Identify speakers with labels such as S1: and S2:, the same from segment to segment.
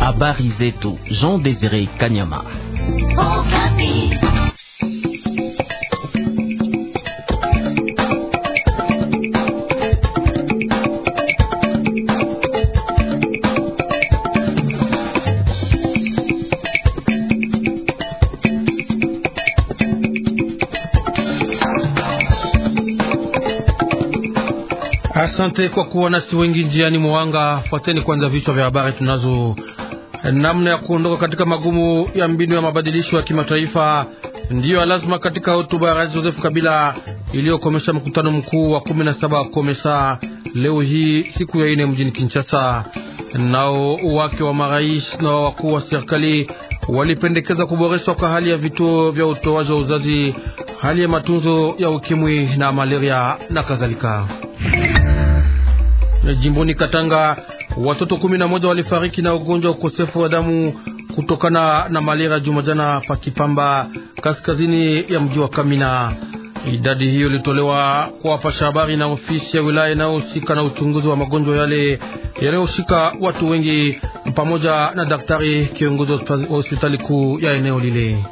S1: Habari zetu Jean Desire Kanyama. Okapi.
S2: Asante kwa kuwa nasi wengi njiani mwanga. Fuateni kwanza vichwa vya habari tunazo. Namna ya kuondoka katika magumu ya mbinu ya mabadilisho ya kimataifa ndiyo ya lazima katika hotuba ya Rais Joseph Kabila iliyokomesha mkutano mkuu wa 17 wa Komesa leo hii siku ya ine mjini Kinshasa. Nao wake wa marais na wakuu wa serikali walipendekeza kuboreshwa kwa hali ya vituo vya utoaji wa uzazi, hali ya matunzo ya ukimwi na malaria na kadhalika. Jimboni Katanga watoto kumi na moja walifariki na ugonjwa wa ukosefu wa damu kutokana na malaria jumajana pa Kipamba kaskazini ya mji wa Kamina. Idadi hiyo ilitolewa kwa wapasha habari na ofisi ya wilaya inayohusika na uchunguzi wa magonjwa yale yaliyoshika watu wengi pamoja na daktari kiongozi wa hospitali kuu ya eneo lile.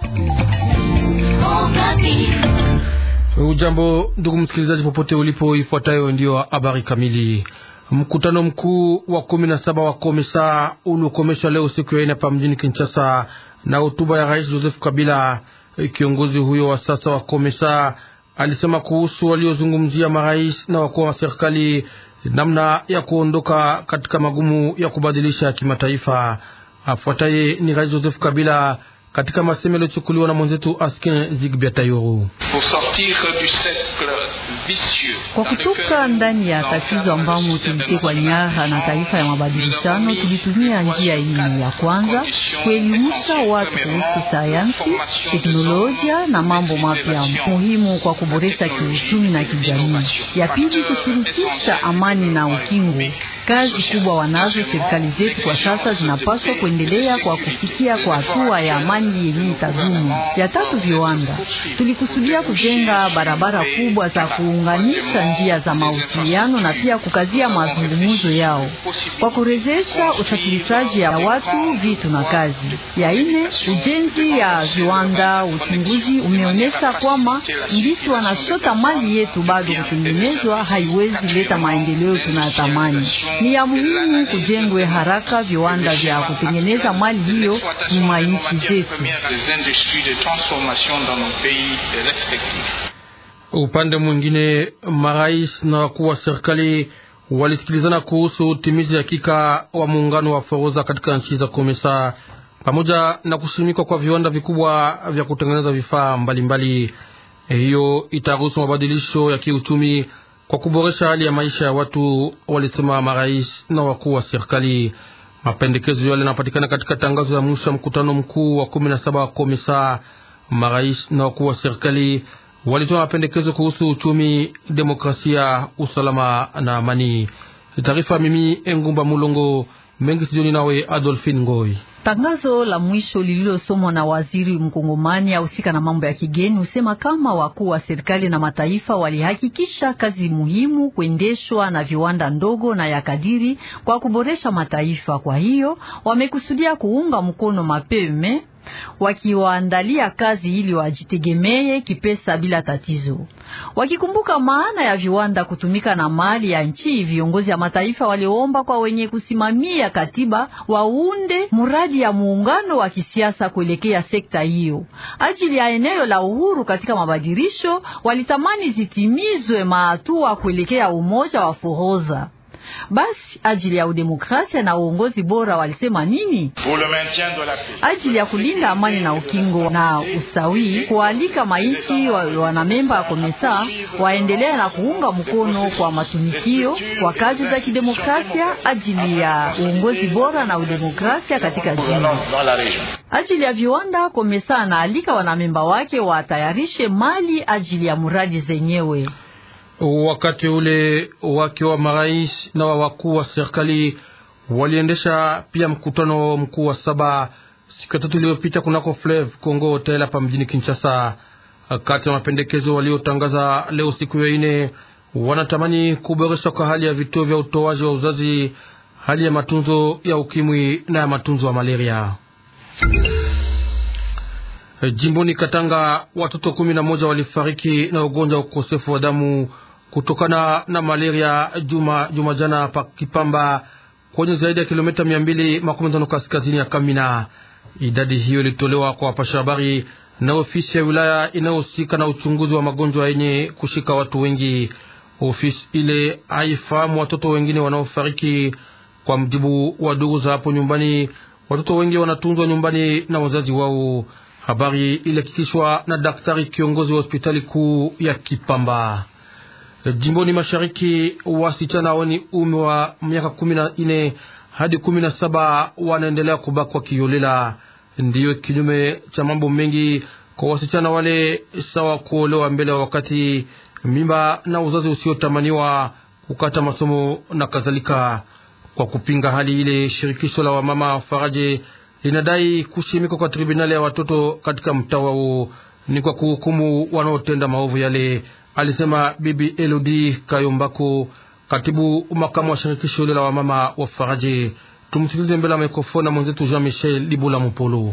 S2: Ujambo ndugu msikilizaji, popote ulipo, ifuatayo ndiyo habari kamili. Mkutano mkuu wa kumi na saba wa Komesa uliokomeshwa leo siku ya ine hapa mjini Kinshasa na hotuba ya Rais Joseph Kabila. Kiongozi huyo wa sasa wa Komesa alisema kuhusu waliozungumzia marais na wakuu wa serikali namna ya kuondoka katika magumu ya kubadilisha ya kimataifa. Afuataye ni Rais Joseph Kabila katika maseme yaliyochukuliwa na mwenzetu Askin Zigbia kwa kutoka ndani ya tatizo ambamo tulitekwa nyara
S1: na taifa ya mabadilishano, tulitumia njia hii ya kwanza kuelimisha watu kuhusu sayansi, teknolojia na mambo mapya muhimu kwa kuboresha kiuchumi na kijamii. Ya pili, kushirikisha amani na ukingo Kazi kubwa wanazo serikali zetu kwa sasa, zinapaswa kuendelea kwa kufikia kwa hatua ya amani yenye itadumu. Ya tatu, viwanda. Tulikusudia kujenga barabara kubwa za kuunganisha njia za mawasiliano na pia kukazia mazungumzo yao kwa kurejesha usafirishaji ya watu, vitu na kazi. Ya ine, ujenzi ya viwanda. Uchunguzi umeonyesha kwamba ndisi wanashota mali yetu bado kutengenezwa haiwezi leta maendeleo tunayotamani. Ni ya muhimu kujengwe haraka viwanda vya kutengeneza mali hiyo mwa nchi
S2: zetu. Upande mwingine, marais na wakuu wa serikali walisikilizana kuhusu utimizi hakika wa muungano wa forodha katika nchi za Komesa pamoja na kusimikwa kwa viwanda vikubwa vya kutengeneza vifaa mbalimbali. Hiyo itaruhusu mabadilisho ya kiuchumi kwa kuboresha hali ya maisha ya watu, walisema marais na wakuu wa serikali. Mapendekezo yale yanapatikana katika tangazo ya mwisho ya mkutano mkuu wa kumi na saba wa Komisa. Marais na wakuu wa serikali walitoa mapendekezo kuhusu uchumi, demokrasia, usalama na amani. Taarifa mimi Engumba Mulongo mengi sijoni, nawe Adolphine Ngoi.
S1: Tangazo la mwisho lililosomwa na waziri mkongomani ahusika na mambo ya kigeni husema kama wakuu wa serikali na mataifa walihakikisha kazi muhimu kuendeshwa na viwanda ndogo na ya kadiri kwa kuboresha mataifa. Kwa hiyo wamekusudia kuunga mkono mapeme wakiwaandalia kazi ili wajitegemee kipesa bila tatizo, wakikumbuka maana ya viwanda kutumika na mali ya nchi. Viongozi ya mataifa waliomba kwa wenye kusimamia katiba waunde mradi ya muungano wa kisiasa kuelekea sekta hiyo ajili ya eneo la uhuru. Katika mabadirisho walitamani zitimizwe maatua kuelekea umoja wa forodha. Basi ajili ya udemokrasia na uongozi bora walisema nini? Ajili ya kulinda amani na ukingo na usawi, kualika maichi wa wanamemba ya komesa waendelea na kuunga mkono kwa matumikio kwa kazi za kidemokrasia ajili ya uongozi bora na udemokrasia katika jimbo. Ajili ya viwanda, komesa anaalika wanamemba wake watayarishe mali ajili ya muradi
S2: zenyewe. Wakati ule wake wa marais na wa wakuu wa serikali waliendesha pia mkutano mkuu wa saba siku ya tatu iliyopita kunako Flev Congo Hotel hapa mjini Kinshasa. Kati ya mapendekezo waliotangaza leo siku ya ine, wanatamani kuboreshwa kwa hali ya vituo vya utoaji wa uzazi, hali ya matunzo ya ukimwi na ya matunzo ya malaria. Eh, jimboni Katanga watoto kumi na moja walifariki na ugonjwa wa ukosefu wa damu kutokana na malaria juma, juma jana pa Kipamba kwenye zaidi ya kilomita mia mbili makumi tano kaskazini ya Kamina. Idadi hiyo ilitolewa kwa wapasha habari na ofisi ya wilaya inayohusika na uchunguzi wa magonjwa yenye kushika watu wengi. Ofisi ile haifahamu watoto wengine wanaofariki. Kwa mjibu wa ndugu za hapo nyumbani, watoto wengi wanatunzwa nyumbani na wazazi wao. Habari ilihakikishwa na daktari kiongozi wa hospitali kuu ya Kipamba jimboni mashariki. Wasichana wenye umri wa miaka kumi na nne hadi kumi na saba wanaendelea kubakwa kiolela, ndiyo kinyume cha mambo mengi kwa wasichana wale, sawa kuolewa mbele ya wakati, mimba na uzazi usiotamaniwa, kukata masomo na kadhalika. Kwa kupinga hali ile, shirikisho la wamama Faraje linadai kushimikwa kwa tribunali ya watoto katika mtaa wao ni kwa kuhukumu wanaotenda maovu yale, alisema Bibi Elodi Kayombako, katibu makamu wa shirikisho hilo la wamama wa Faraje. Tumsikilize mbele ya mikrofoni na mwenzetu Jean Michel Libula Mupolo.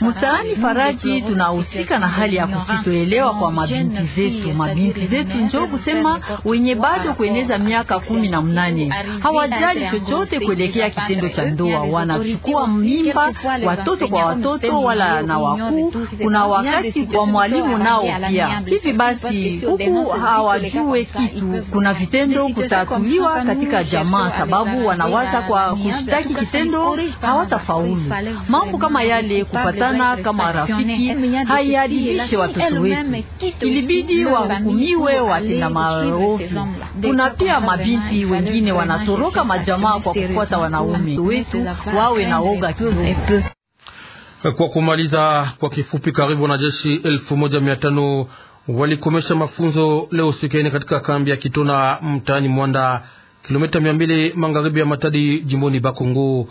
S1: Mtaani Faraji, tunahusika na hali ya kusitoelewa kwa mabinti zetu. Mabinti zetu njo kusema wenye bado kueneza miaka kumi na mnane hawajali chochote kuelekea kitendo cha ndoa, wanachukua mimba watoto kwa watoto wala na wakuu. Kuna wakati kwa mwalimu nao pia hivi. Basi huku hawajue kitu. Kuna vitendo kutatuliwa katika jamaa, sababu wanawaza kwa kushtaki kitendo hawatafaulu. Mambo kama yale kupatana kama rafiki hayadilishe watoto wetu, ilibidi wahukumiwe watenda maovu. Kuna pia mabinti wengine wanatoroka majamaa kwa kufuata wanaume wetu, wawe na oga kidogo.
S2: Kwa kumaliza kwa kifupi, karibu wanajeshi elfu moja mia tano walikomesha mafunzo leo siku katika kambi ya Kitona mtaani Mwanda, kilomita mia mbili magharibi ya Matadi, jimboni Bakongo.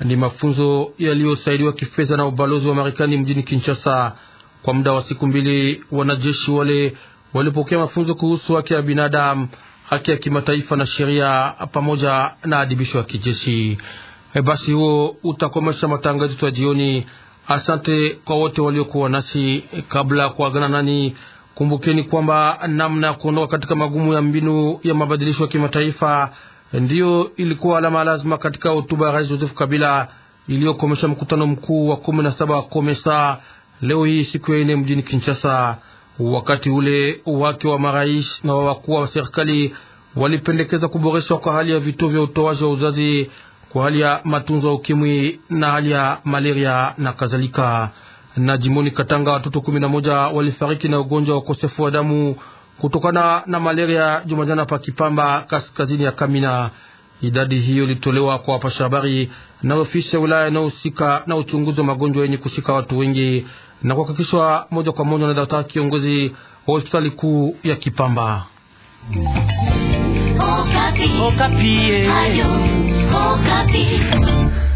S2: Ni mafunzo yaliyosaidiwa kifedha na ubalozi wa Marekani mjini Kinshasa. Kwa muda wa siku mbili, wanajeshi wale walipokea mafunzo kuhusu haki ya binadamu, haki ya kimataifa na sheria, pamoja na adibisho ya kijeshi. E, basi huo utakomesha matangazo ya jioni. Asante kwa wote waliokuwa nasi. E, kabla ya kuagana nani, kumbukeni kwamba namna ya kuondoka katika magumu ya mbinu ya mabadilisho ya kimataifa ndiyo ilikuwa alama lazima katika hotuba ya Rais Joseph Kabila iliyokomesha mkutano mkuu wa kumi na saba wa Komesa leo hii siku ya ine mjini Kinshasa. Wakati ule wake wa marais na wa wakuu wa serikali walipendekeza kuboreshwa kwa hali ya vituo vya utoaji wa uzazi kwa hali ya matunzo ya ukimwi na hali ya malaria na kadhalika. Na jimboni Katanga, watoto kumi na moja walifariki na ugonjwa wa ukosefu wa damu kutokana na malaria jumajana pa Kipamba, kaskazini ya Kamina. Idadi hiyo ilitolewa kwa wapasha habari na ofisi ya wilaya inayohusika na uchunguzi wa magonjwa yenye kushika watu wengi na kuhakikishwa moja kwa moja na daktari kiongozi wa hospitali kuu ya Kipamba.
S1: Okapi. Okapi. Eh. Ayo. Okapi.